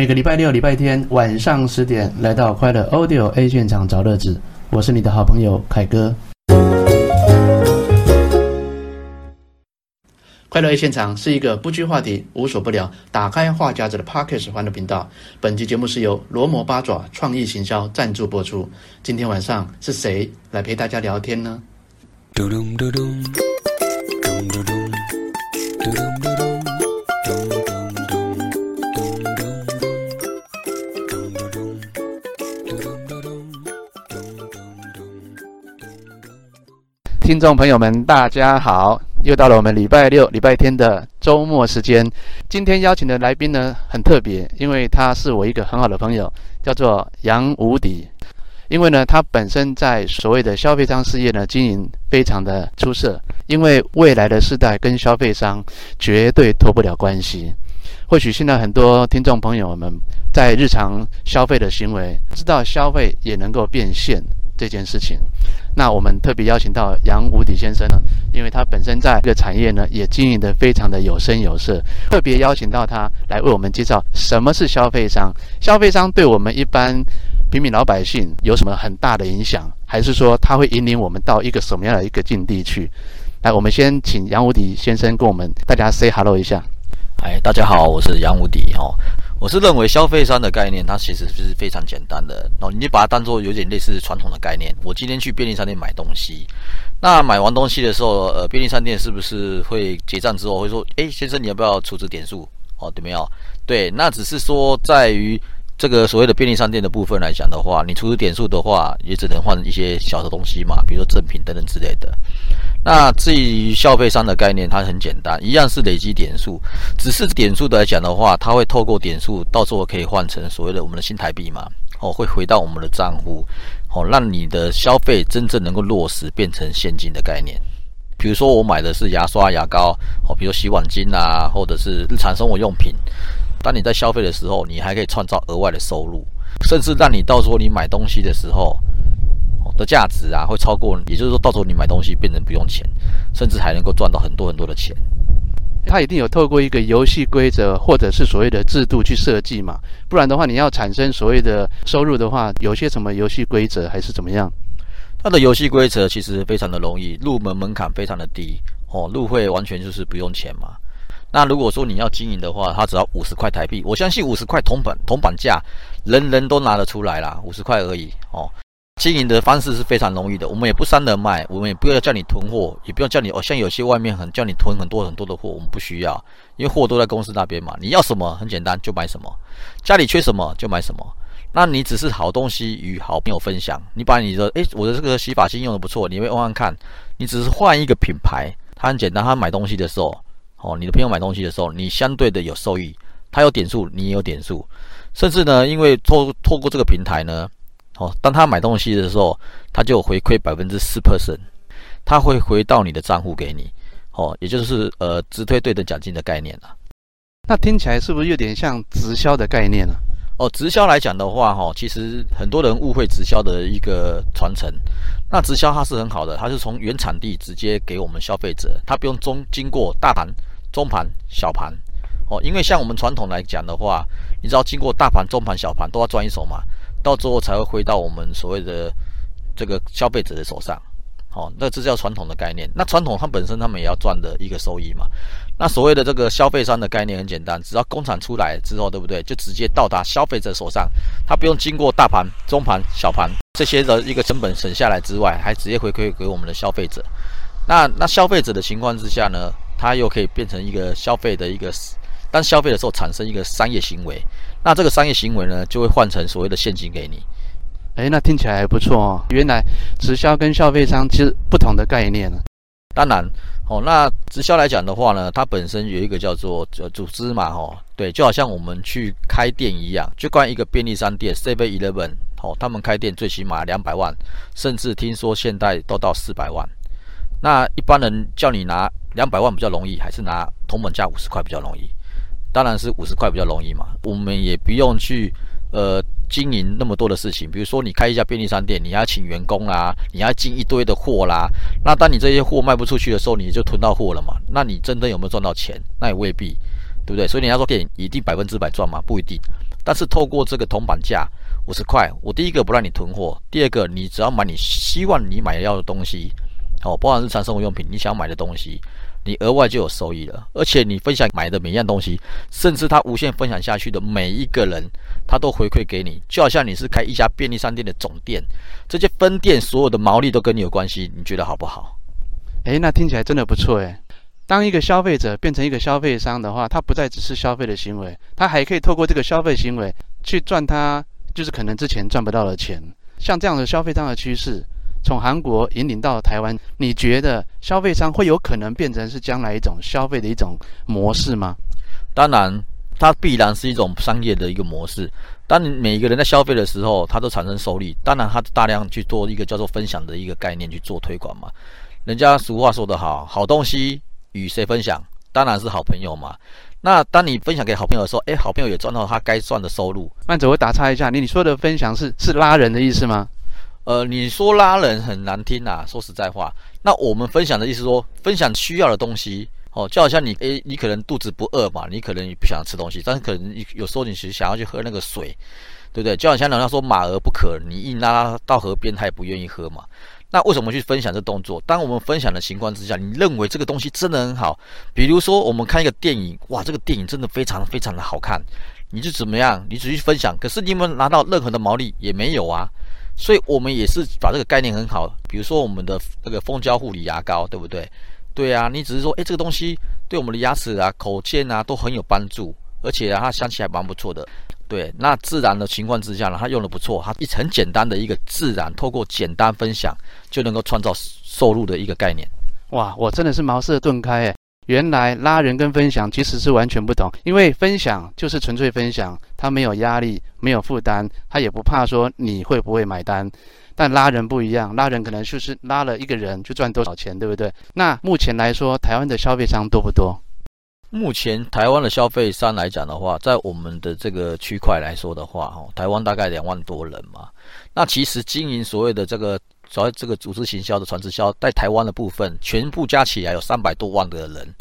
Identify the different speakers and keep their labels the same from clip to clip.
Speaker 1: 每個禮拜六、禮拜天晚上十點，來到快樂 Audio A 現場找樂子。我是你的好朋友凱哥。快樂 A 現場是一個不拘話題、無所不聊、打開話匣子的 Podcast 歡樂頻道。本期節目是由羅摩八爪創意行銷贊助播出。今天晚上是誰來陪大家聊天呢？嘟嘟嘟嘟嘟嘟嘟。聽眾朋友們，大家好！又到了我們禮拜六、禮拜天的週末時間。今天邀請的來賓呢，很特別，因為他是我一個很好的朋友，叫做楊無敵。因為呢，他本身在所謂的消費商事業呢，經營非常的出色。因為未來的時代跟消費商絕對脫不了關係。或許現在很多聽眾朋友們在日常消費的行為，知道消費也能夠變現，這件事情，那我們特別邀請到楊無敵先生呢，因為他本身在這個產業呢也經營得非常的有聲有色，特別邀請到他來為我們介紹什麼是消費商，消費商對我們一般平民老百姓有什麼很大的影響，還是說他會引領我們到一個什麼樣的一個境地去？來，我們先請楊無敵先生跟我們大家 say hello 一下。
Speaker 2: 嗨，大家好，我是
Speaker 1: 楊無敵哦。
Speaker 2: 我是認為消費商的概念，它其實是非常簡單的，然後你就把它當做有點類似傳統的概念。我今天去便利商店買東西，那買完東西的時候，呃，便利商店是不是會結賬之後會說，誒、欸，先生你要不要儲值點數？哦，對沒有，對，那只是說在於。這個所謂的便利商店的部分來講的話，你除了點數的話，也只能換一些小的東西嘛，比如說贈品等等之類的。那至於消費商的概念，它很簡單，一樣是累積點數，只是點數的來講的話，它會透過點數到時候可以換成所謂的我們的新台幣嘛，哦，會回到我們的賬戶，哦，讓你的消費真正能夠落實變成現金的概念。比如說我買的是牙刷、牙膏，哦，比如洗碗巾啊，或者是日常生活用品。當你在消費的時候，你還可以創造額外的收入，甚至讓你到時候你買東西的時候，哦，的價值啊會超過，也就是說到時候你買東西變成不用錢，甚至還能夠賺到很多很多的錢。
Speaker 1: 它一定有透過一個遊戲規則或者是所謂的制度去設計嘛，不然的話你要產生所謂的收入的話，有些什麼遊戲規則還是怎麼樣？
Speaker 2: 它的遊戲規則其實非常的容易，入門門檻非常的低哦，入會完全就是不用錢嘛。那如果說你要經營的話，它只要五十塊台幣，我相信五十塊銅板銅板價，人人都拿得出來啦。五十塊而已哦。經營的方式是非常容易的，我們也不傷人脈，我們也不要叫你囤貨，也不要叫你哦，像有些外面很叫你囤很多很多的貨，我們不需要，因為貨都在公司那邊嘛。你要什麼很簡單就買什麼，家裡缺什麼就買什麼。那你只是好東西與好朋友分享，你把你的誒，我的這個洗髮精用得不錯，你會換換看，你只是換一個品牌，它很簡單，他買東西的時候。哦，你的朋友買東西的時候，你相對的有收益，他有點數，你也有點數，甚至呢，因為透透過這個平台呢，哦，當他買東西的時候，他就回饋百分之四 percent 他會回到你的賬戶給你，哦，也就是呃直推對等獎金的概念了。那聽起來是不是有點像直銷的概念呢？啊？哦，直銷來講的話，哈，其實很多人誤會直銷的一個傳承。那直銷它是很好的，它是從原產地直接給我們消費者，它不用中經過大盤。中盤、小盤，哦，因為像我們傳統來講的話，你知道經過大盤、中盤、小盤都要賺一手嘛，到最後才會回到我們所謂的這個消費者的手上，好、哦，那這叫傳統的概念。那傳統它本身他們也要賺的一個收益嘛。那所謂的這個消費商的概念很簡單，只要工廠出來之後，對不對？就直接到達消費者手上，它不用經過大盤、中盤、小盤，這些的一個成本省下來之外，還直接回饋給我們的消費者。那那消費者的情況之下呢？它又可以變成一個消費的一個，當消費的時候產生一個商業行為，那這個商業行為呢，就會換成所謂的現金給你。
Speaker 1: 哎、欸，那聽起來還不錯哦，原來直銷跟消費商其實不同的概念呢。
Speaker 2: 當然，哦，那直銷來講的話呢，它本身有一個叫做呃組織嘛，哦，對，就好像我們去開店一樣，就關一個便利商店，Seven Eleven，哦，他們開店最起碼兩百萬，甚至聽說現在都到四百萬。那一般人叫你拿兩百萬比較容易，還是拿銅板價五十塊比較容易？當然是五十塊比較容易嘛。我們也不用去呃經營那麼多的事情，比如說你開一家便利商店，你要請員工啦、啊，你要進一堆的貨啦。那當你這些貨賣不出去的時候，你就囤到貨了嘛？那你真的有沒有賺到錢？那也未必，對不對？所以你要說店一定百分之百賺嘛？不一定。但是透過這個銅板價五十塊，我第一個不讓你囤貨，第二個你只要買你希望你買要的東西。哦，包含日常生活用品，你想買的東西，你額外就有收益了。而且你分享買的每一樣東西，甚至他無限分享下去的每一個人，他都回饋給你，就好像你是開一家便利商店
Speaker 1: 的總店，這些分店所有的毛利都跟你有關係，你覺得好不好？誒、欸，那聽起來真的不錯誒、欸，當一個消費者變成一個消費商的話，他不再只是消費的行為，他還可以透過這個消費行為去賺他就是可能之前賺不到的錢。像這樣的消費商的趨勢。從韓國引領到台灣，你覺得消費商會有可能變成是將來一種消費的一種模式嗎？當然，
Speaker 2: 它必然是一種商業的一個模式。當你每一個人在消費的時候，它都產生收益。當然，它大量去做一個叫做分享的一個概念去做推廣嘛。人家俗話說得好：“好東西與誰分享，當然是好朋友嘛。”那當你分享給好朋友的時候，哎，好朋友也賺到他該賺的收入。慢著，我打岔一下，你你說的分享是是拉人的意思嗎？呃，你說拉人很難聽啊。說實在話，那我們分享的意思說，分享需要的東西，哦。就好像你誒，你可能肚子不餓嘛，你可能也不想吃東西，但是可能有時候你其實想要去喝那個水，對不對？就好像人家說馬兒不渴，你硬拉到河邊，它也不願意喝嘛。那為什麼去分享這動作？當我們分享的情況之下，你認為這個東西真的很好，比如說我們看一個電影，哇，這個電影真的非常非常的好看，你就怎麼樣，你只去分享，可是你們拿到任何的毛利也沒有啊。所以我們也是把這個概念很好，比如說我們的那個蜂膠護理牙膏，對不對？對啊，你只是說，哎，這個東西對我們的牙齒啊、口腔啊都很有幫助，而且啊它香氣還蠻不錯的。對，那自然的情況之下呢，它用的不錯，它一很簡單
Speaker 1: 的一個自然，透過簡單分享就能夠創造收入的一個概念。哇，我真的是茅塞頓開哎。原來拉人跟分享其實是完全不同，因為分享就是純粹分享，他沒有壓力，沒有負擔，他也不怕說你會不會買單。但拉人不一樣，拉人可能就是拉了一個人就賺多少錢，對不對？那目前來說，台灣的消費商多不多？
Speaker 2: 目前台灣的消費商來講的話，在我們的這個區塊來說的話，哦，台灣大概兩萬多人嘛。那其實經營所謂的這個。主要這個組織行銷的傳直銷在台灣的部分，全部加起來有三百多萬個的人，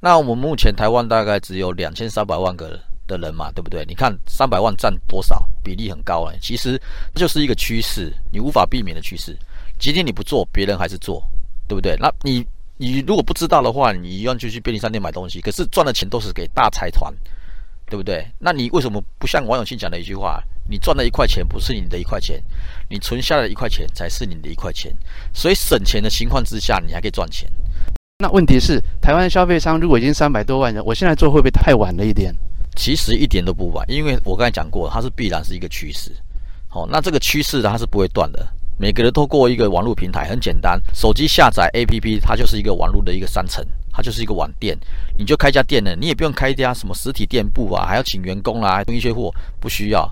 Speaker 2: 那我們目前台灣大概只有兩千三百萬個的人嘛，對不對？你看三百萬佔多少比例，很高耶，其實就是一個趨勢，你無法避免的趨勢。今天你不做，別人還是做，對不對？那你你如果不知道的話，你一樣就去便利商店買東西，可是賺的錢都是給大財團，對不對？那你為什麼不像王永慶講的一句話？你賺的一塊錢不是你的一塊錢，你存下來的一塊錢才是你的一塊錢。所以省錢的情況之下，你還可以賺錢。
Speaker 1: 那問題是，台灣的消費商如果已經三百多萬人，我現在做會不會太晚了一點？
Speaker 2: 其實一點都不晚，因為我剛才講過，它是必然是一個趨勢。好，那這個趨勢它是不會斷的。每個人透過一個網絡平台，很簡單，手機下載 APP，它就是一個網絡的一個商城，它就是一個網店。你就開一家店呢，你也不用開一家什麼實體店鋪啊，還要請員工啊，囤一些貨，不需要。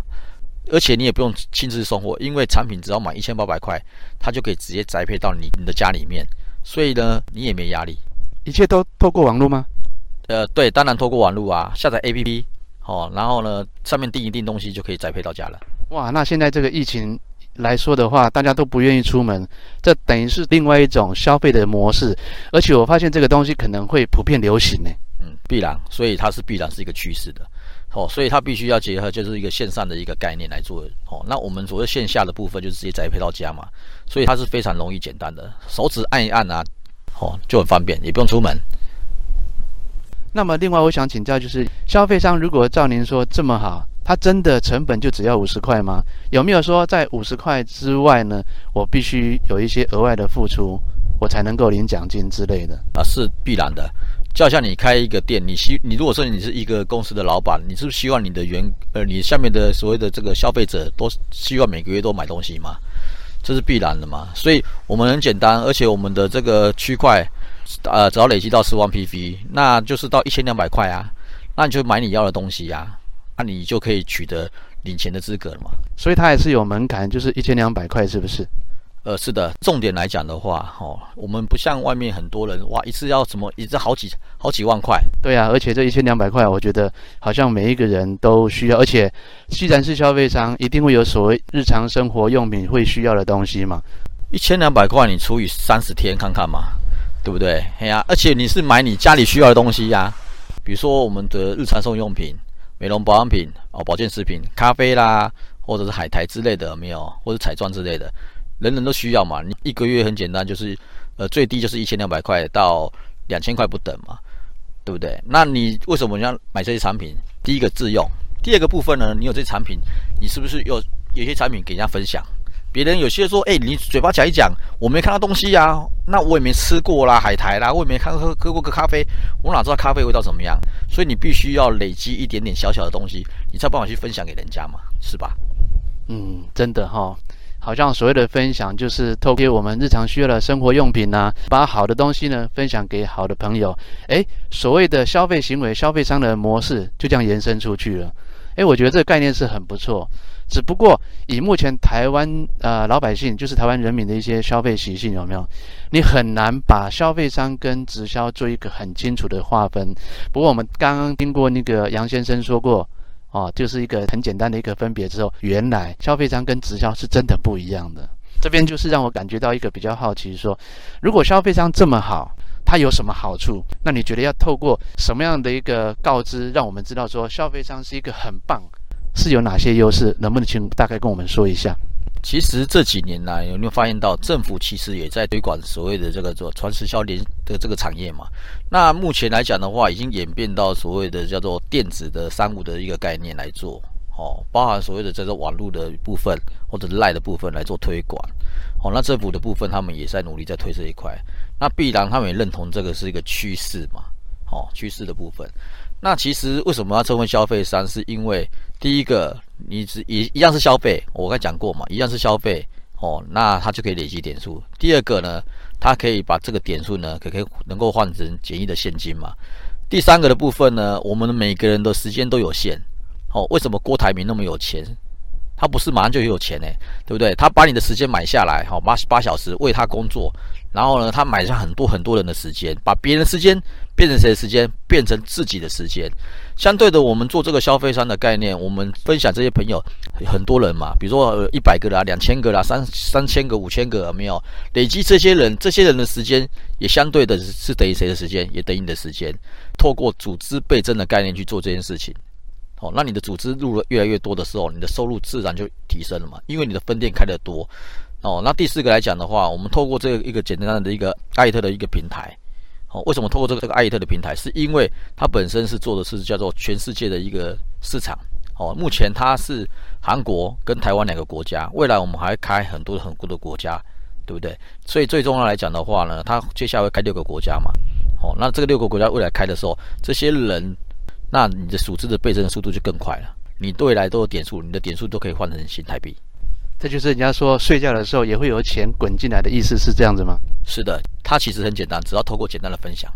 Speaker 2: 而且你也不用親自送貨，因為產品只要買一千八百塊，它就可以直接宅配到你你的家裡面，所以呢，你也沒壓力。
Speaker 1: 一切都透過網絡嗎？
Speaker 2: 呃，對，當然透過網絡啊，下載 APP，哦，然後呢，上面訂一訂東西就可以宅配到家了。
Speaker 1: 哇，那現在這個疫情來說的話，大家都不願意出門，這等於是另外一種消費的模式，而且我發現這個東西可能會普遍流行耶。嗯，必然，
Speaker 2: 所以它是必然是一個趨勢的。哦，所以它必須要結合，就是一個線上的一個概念來做。哦，那我們所謂線下的部分就是直接宅配到家嘛，所以它是非常容易簡單的，手指按一按啊，哦，就很方便，也不用出門。
Speaker 1: 那麼另外我想請教，就是消費商如果照您說這麼好，它真的成本就只要五十塊嗎？有沒有說在五十塊之外呢？我必須有一些額外的付出，我才能夠領獎金之類的？啊，是必然的。就像你開一個店，你希你如果說你是一個公司的老闆，
Speaker 2: 你是不是希望你的員呃你下面的所謂的這個消費者都希望每個月都買東西嗎？這是必然的嘛！所以我們很簡單，而且我們的這個區塊，呃，只要累積到十萬 PV，那就是到一千兩百塊啊，那你就買你要的東西呀、啊，那你就可以取得領錢的資格了嘛？所以它也是有門檻，就是一千
Speaker 1: 兩百塊，是不是？
Speaker 2: 呃，是的，重點來講的話，吼、哦，我們不像外面很多人，哇，一次要什麼，一次好幾好幾萬塊。
Speaker 1: 對啊，而且這一千兩百塊，我覺得好像每一個人都需要，而且既然是消費商，一定會有所謂日常生活用品會需要的東西嘛。
Speaker 2: 一千兩百塊，你除以三十天看看嘛，對不對？哎呀、啊，而且你是買你家裡需要的東西呀、啊，比如說我們的日常生活用品、美容保養品哦、保健食品、咖啡啦，或者是海苔之類的有沒有，或者彩妝之類的。人人都需要嘛，你一個月很簡單，就是，呃，最低就是一千兩百塊到兩千塊不等嘛，對不對？那你為什麼人家買這些產品？第一個自用，第二個部分呢？你有這些產品，你是不是有有些產品給人家分享？別人有些說，哎、欸，你嘴巴講一講，我沒看到東西呀、啊，那我也沒吃過啦，海苔啦，我也沒看喝喝，喝過個咖啡，我哪知道咖啡味道怎麼樣？所以你必須要累積一點點小小的東西，你才有辦法去分享給人家嘛，是吧？
Speaker 1: 嗯，真的哈、哦。好像所謂的分享，就是透過我們日常需要的生活用品吶、啊，把好的東西呢分享給好的朋友。誒，所謂的消費行為、消費商的模式就這樣延伸出去了。誒，我覺得這個概念是很不錯。只不過以目前台灣呃老百姓，就是台灣人民的一些消費習性，有沒有？你很難把消費商跟直銷做一個很清楚的劃分。不過我們剛剛聽過那個楊先生說過。哦，就是一個很簡單的一個分別之後，原來消費商跟直銷是真的不一樣的。這邊就是讓我感覺到一個比較好奇說，如果消費商這麼好，它有什麼好處？那你覺得要透過什麼樣的一個告知，讓我們知道說消費商是一個很棒，是有哪些優勢？能不能請大概跟我們說一下？其實
Speaker 2: 這幾年來、啊，有沒有發現到政府其實也在推廣所謂的這個做傳實銷聯的這個產業嘛？那目前來講的話，已經演變到所謂的叫做電子的商務的一個概念來做哦，包含所謂的叫做網絡的部分或者賴的部分來做推廣哦。那政府的部分他們也在努力在推這一塊，那必然他們也認同這個是一個趨勢嘛？哦，趨勢的部分。那其實為什麼要稱為消費商？是因為第一個，你只一一樣是消費，我剛講過嘛，一樣是消費，哦，那他就可以累積點數。第二個呢，他可以把這個點數呢，可可以能夠換成簡易的現金嘛。第三個的部分呢，我們每個人的時間都有限，哦。為什麼郭台銘那麼有錢？他不是馬上就有錢呢、欸，對不對？他把你的時間買下來，好，八八小時為他工作，然後呢，他買下很多很多人的時間，把別人的時間變成誰的時間，變成自己的時間。相對的，我們做這個消費商的概念，我們分享這些朋友很多人嘛，比如說一百個啦，兩千個啦，三三千個、五千個，有沒有，累積這些人，這些人的時間也相對的是等於誰的時間，也等於你的時間。透過組織倍增的概念去做這件事情。哦，那你的組織入了越來越多的時候，你的收入自然就提升了嘛，因為你的分店開得多。哦，那第四個來講的話，我們透過這一個簡單的一個愛怡特的一個平台，哦，為什麼透過這個這個愛怡特的平台？是因為它本身是做的是叫做全世界的一個市場。哦，目前它是韓國跟台灣兩個國家，未來我們還開很多很多的國家，對不對？所以最重要來講的話呢，它接下來會開六個國家嘛。哦，那這個六個國家未來開的時候，這些人。那你的組織的倍增的速度就更快了。你對未來都有點數，你的點數都可以換成新台幣。這就是人家說
Speaker 1: 睡覺的時候也會有錢滾進來的意思，是這樣子嗎？是的，它其實很簡單，只要透過簡單的分享，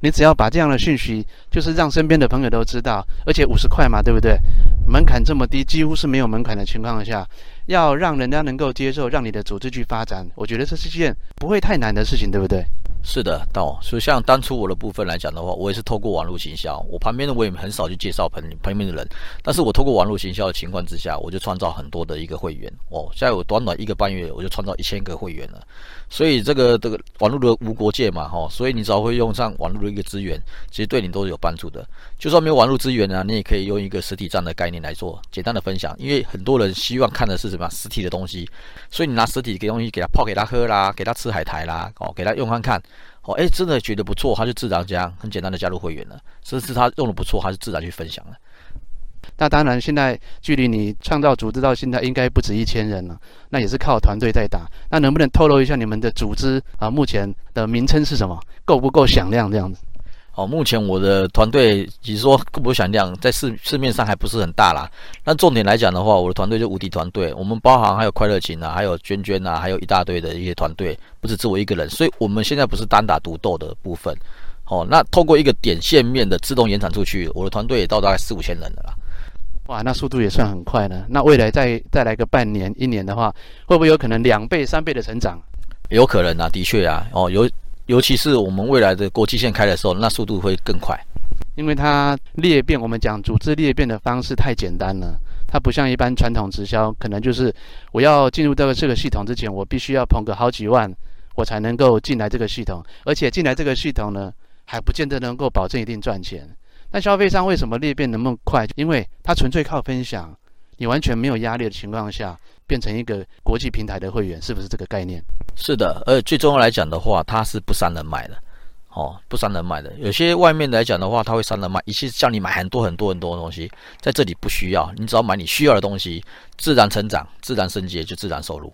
Speaker 1: 你只要把這樣的訊息，就是讓身邊的朋友都知道，而且五十塊嘛，對不對？門檻這麼低，幾乎是沒有門檻的情況下，要讓人家能夠接受，讓你的組織去發展，我覺得這是件不會太難的事情，對不對？是的，到、
Speaker 2: 哦，所以像當初我的部分來講的話，我也是透過網絡行銷。我旁邊的我也很少去介紹朋友旁邊的人，但是我透過網絡行銷的情況之下，我就創造很多的一個會員哦。現在我短短一個半月，我就創造一千個會員了。所以這個這個網絡的無國界嘛，哈、哦。所以你只要會用上網絡的一個資源，其實對你都是有幫助的。就算沒有網絡資源呢，你也可以用一個實體站的概念來做簡單的分享，因為很多人希望看的是什麼實體，實體的東西，所以你拿實體的東西給他泡給他喝啦，給他吃海苔啦，哦，給他用看看。哦，哎，真的覺得不錯，他就自然加，很簡單的加入會員了。這是他用的不錯，還是自然去分享
Speaker 1: 了。那當然，現在距離你創造組織到現在，應該不止一千人了。那也是靠團隊在打。那能不能透露一下你們的組織啊，呃，目前的名稱是什麼？夠不夠響亮？這樣子
Speaker 2: 哦，目前我的團隊，只是說不響亮，在市市面上還不是很大啦。那重點來講的話，我的團隊就無敵團隊，我們包含還有快樂琴啊，還有娟娟啊，還有一大堆的一些團隊，不是只，只我一個人，所以我們現在不是單打獨鬥的部分。哦，那透過一個點線面的自動延展出去，我的團隊也到大概四五千人了啦。
Speaker 1: 哇，那速度也算很快呢。那未來再再來個半年一年的話，會不會有可能兩倍三倍的成長？
Speaker 2: 有可能啊，的確啊，哦有。尤其是我們未來的國際線開的時候，那速度會更快。
Speaker 1: 因為它裂變，我們講組織裂變的方式太簡單了。它不像一般傳統直銷，可能就是我要進入到這個這個系統之前，我必須要捧個好幾萬，我才能夠進來這個系統。而且進來這個系統呢，還不見得能夠保證一定賺錢。那消費商為什麼裂變那麼快？因為它純粹靠分享，你完全沒有壓力的情況下。變成一個國際平台的會員，是不是這個概念？是的，而最重要來講的話，它是不傷人脈的，
Speaker 2: 哦，不傷人脈的。有些外面來講的話，它會傷人脈，一切叫你買很多很多很多東西，在這裡不需要，你只要買你需要的東西，自然成長，自然升級，就自然收入。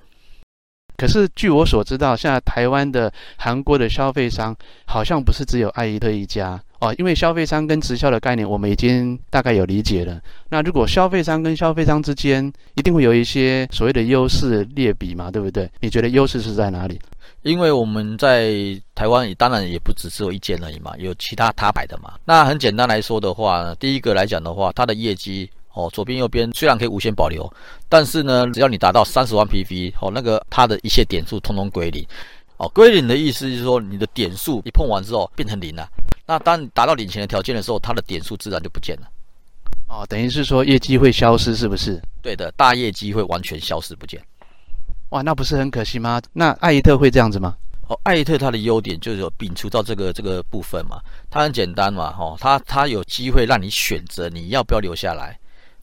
Speaker 1: 可是，據我所知道，現在台灣的韓國的消費商好像不是只有愛怡特一家哦。因為消費商跟直銷的概念，我們已經大概有理解了。那如果消費商跟消費商之間，一定會有一些所謂的優勢劣比嘛，對不對？你覺得優勢是在哪裡？
Speaker 2: 因為我們在台灣，當然也不只只有一間而已嘛，有其他他牌的嘛。那很簡單來說的話，第一個來講的話，它的業績。哦，左邊右邊雖然可以無限保留，但是呢，只要你達到三十萬 PV，哦，那個它的一切點數通通歸零。哦，歸零的意思就是說，你的點數一碰完之後變成零了。那當你達到領錢的條件的時候，它的點數自然就不見
Speaker 1: 了。哦，等於是說業績會消失，是不是？對的，
Speaker 2: 大業績會完全消失不見。
Speaker 1: 哇，那不是很可惜嗎？那愛怡特會這樣子嗎？
Speaker 2: 哦，愛怡特它的優點就是摒除到這個這個部分嘛，它很簡單嘛，哈、哦，它它有機會讓你選擇，你要不要留下來？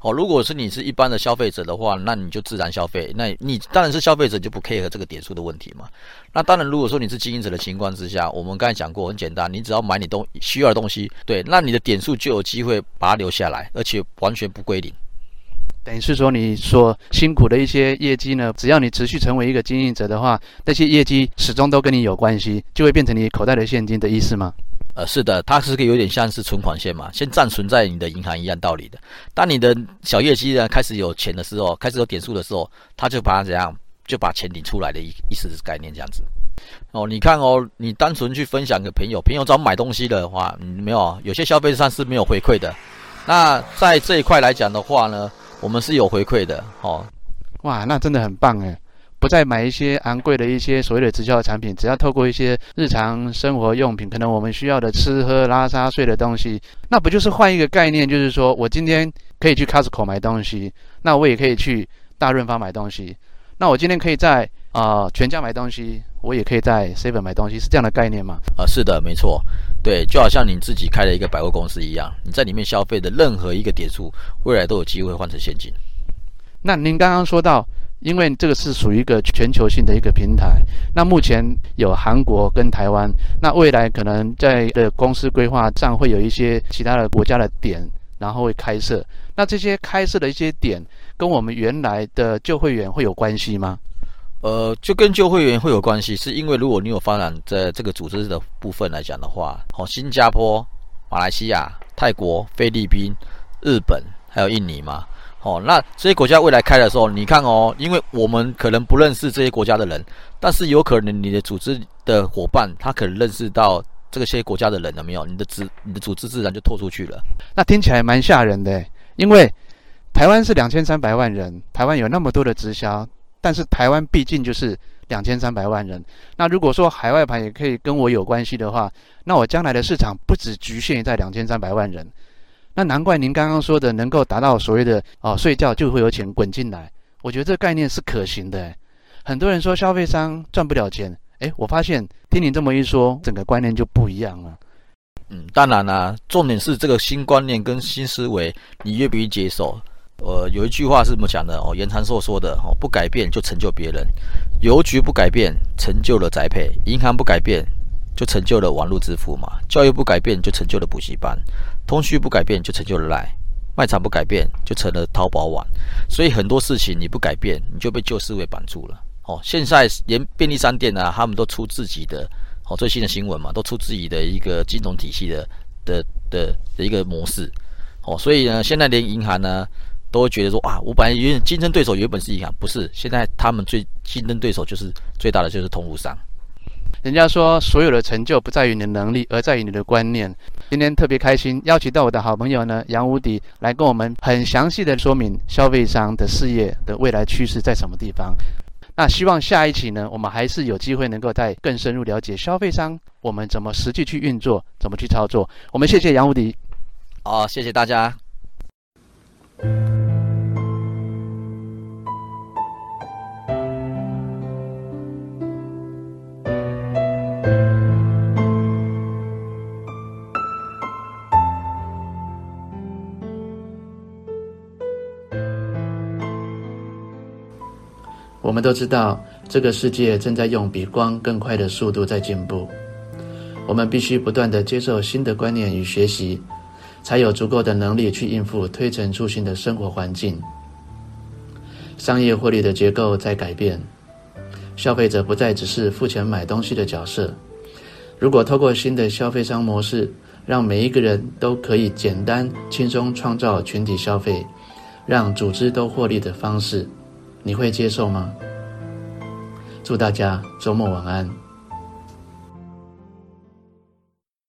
Speaker 2: 哦，如果是你是一般的消費者的話，那你就自然消費。那你當然是消費者就不配合這個點數的問題嘛。那當然，如果說你是經營者的情況之下，我們剛才講過很簡單，你只要買你東需要的東西，對，那你的點數就有機會把它留下來，而且完
Speaker 1: 全不歸零。等於是說，你所辛苦的一些業績呢，只要你持續成為一個經營者的話，那些業績始終都跟你有關係，就會變成你口袋的現金的意思嗎？
Speaker 2: 呃，是的，它是個有點像是存款線嘛，先暫存在你的銀行一樣道理的。當你的小業績呢開始有錢的時候，開始有點數的時候，他就把它怎樣，就把錢領出來的意意思概念這樣子。哦，你看哦，你單純去分享給朋友，朋友找買東西的話，嗯、沒有有些消費上是沒有回饋的。那在這一塊來講的話呢，我們是有回饋的。哦，
Speaker 1: 哇，那真的很棒誒。不再買一些昂貴的一些所謂的直銷產品，只要透過一些日常生活用品，可能我們需要的吃喝拉撒睡的東西，那不就是換一個概念，就是說我今天可以去 Costco 買東西，那我也可以去大潤發買東西，那我今天可以在啊、呃、全家買東西，我也可以在 Seven 買東西，是這樣的概念嗎？啊、呃，是的，沒
Speaker 2: 錯，對，就好像你自己開了一個百貨公司一樣，你在裡面消費的任何一個點數，未來都有機會換成現金。
Speaker 1: 那您剛剛說到。因為這個是屬於一個全球性的一個平台，那目前有韓國跟台灣，那未來可能在的公司規劃上會有一些其他的國家的點，然後會開設。那這些開設的一些點跟我們原來的舊會員會有關係嗎？
Speaker 2: 呃，就跟舊會員會有關係，是因為如果你有發展在這個組織的部分來講的話，好，新加坡、馬來西亞、泰國、菲律賓、日本還有印尼嘛。哦，那這些國家未來開的時候，你看哦，因為我們可能不認識這些國家的人，但是有可能你的組織的夥伴他可能認識到這個些國家的人了沒有？你的資，你的組織自然就拓出去了。
Speaker 1: 那聽起來蠻嚇人的，因為台灣是兩千三百萬人，台灣有那麼多的直銷，但是台灣畢竟就是兩千三百萬人。那如果說海外盤也可以跟我有關係的話，那我將來的市場不止局限在兩千三百萬人。那難怪您剛剛說的能夠達到所謂的哦，睡覺就會有錢滾進來，我覺得這概念是可行的。很多人說消費商賺不了錢，誒，我發現聽您這麼一說，整個觀念就不一樣了。嗯，
Speaker 2: 當然啦、啊，重點是這個新觀念跟新思維，你願不願意接受？呃，有一句話是怎麼講的？哦，嚴長壽說的哦，不改變就成就別人。郵局不改變，成就了宅配；銀行不改變，就成就了網絡支付嘛；教育不改變，就成就了補習班。通訊不改變，就成就了賴，賣場不改變，就成了淘寶網，所以很多事情你不改變，你就被舊思維綁住了。哦，現在連便利商店啊，他們都出自己的，哦，最新的新聞嘛，都出自己的一個金融體系的的的的一個模式。哦，所以呢，現在連銀行呢，都會覺得說啊，我本來原競爭對手原本是銀行，不是，現在他們最競
Speaker 1: 爭對手就是最大的就是通路商。人家說，所有的成就不在於你的能力，而在於你的觀念。今天特別開心，邀請到我的好朋友呢楊無敵來跟我們很詳細的說明消費商的事業的未來趨勢在什麼地方。那希望下一期呢，我們還是有機會能夠再更深入了解消費商，我們怎麼實際去運作，怎麼去操作。我們謝謝楊無敵，
Speaker 2: 好、哦，謝謝大家。嗯
Speaker 1: 我們都知道，這個世界正在用比光更快的速度在進步。我們必須不斷地接受新的觀念與學習，才有足夠的能力去應付推陳出新的生活環境。商業獲利的結構在改變，消費者不再只是付錢買東西的角色。如果透過新的消費商模式，讓每一個人都可以簡單輕鬆創造群體消費，讓組織都獲利的方式。你會接受嗎？祝大家周末晚安。